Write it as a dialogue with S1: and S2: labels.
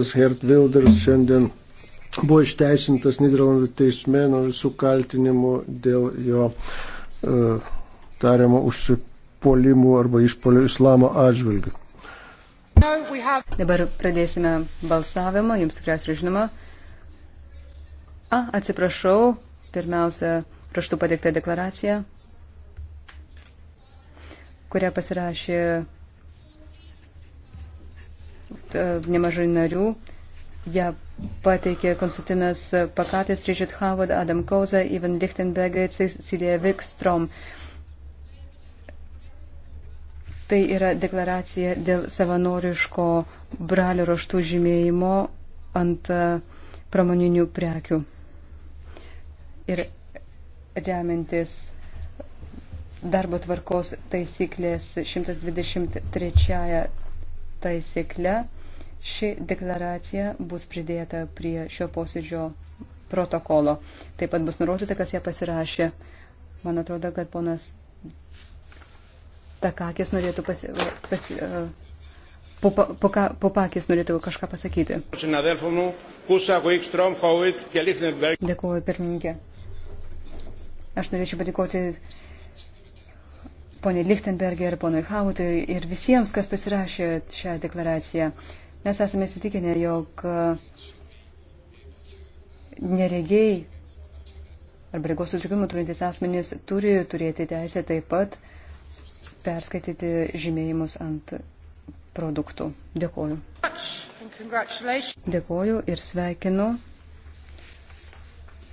S1: Karlas Hert Wilders šiandien buvo išteisintas Niderlandų teisme nuo visų kaltinimų dėl jo e, tariamo užsipolimų arba išpolių islamo atžvilgių.
S2: Dabar pradėsime balsavimą, jums tikriausiai žinoma. A, atsiprašau, pirmiausia, raštu padėktą deklaraciją, kurią pasirašė E, nemažai narių. Ja pateikė Konstantinas Pakatis, Richard Howard, Adam Koza, Ivan Lichtenberger, Cecilija Wikstrom. Tai yra deklaracija dėl savanoriško bralio raštų žymėjimo ant e, pramoninių prekių. Ir remiantis darbo tvarkos taisyklės 123 taisykle ši deklaracija bus pridėta prie šio posėdžio protokolo. Taip pat bus nurodyta, kas ją pasirašė. Man atrodo, kad ponas Takakis norėtų pasi, pasi, pupa, puka, Pupakis norėtų kažką pasakyti. Dėkuoju, pirmininkė. Aš norėčiau padėkoti poniai Lichtenberger, ponui Hautui ir visiems, kas pasirašė šią deklaraciją. Mes esame įsitikinę, jog e, neregiai arba regos sutrikimų turintys asmenys turi turėti teisę taip pat perskaityti žymėjimus ant produktų. Dėkoju. Dėkoju ir sveikinu